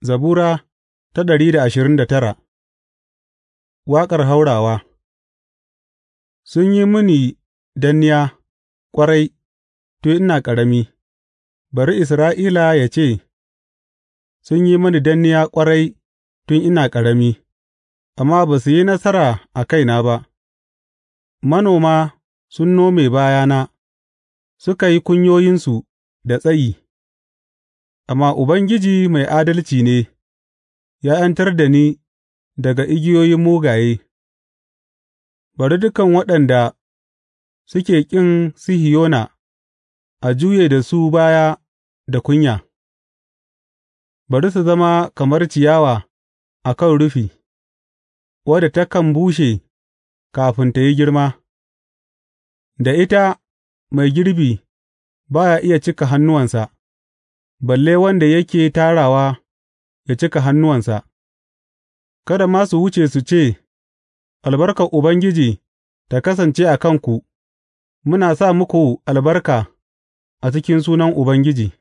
Zabura ta ɗari da ashirin da tara Waƙar haurawa Sun yi mini danniya ƙwarai tun ina ƙarami, bari Isra'ila ya ce, Sun yi mini danniya ƙwarai tun ina ƙarami, amma ba su yi nasara a kaina ba, manoma sun nome bayana, suka yi kunyoyinsu da tsayi. Amma Ubangiji mai adalci ne; ya ’yantar da ni daga igiyoyin mugaye, Bari dukan waɗanda suke ƙin Sihiyona a juye da su baya da kunya; bari su zama kamar ciyawa a kan rufi, wadda takan bushe kafin ta yi girma, da ita mai girbi ba ya iya cika hannuwansa. balle wanda yake tarawa ya cika hannuwansa, kada ma su wuce su ce, Albarkar Ubangiji ta kasance a kanku, muna sa muku albarka a cikin sunan Ubangiji.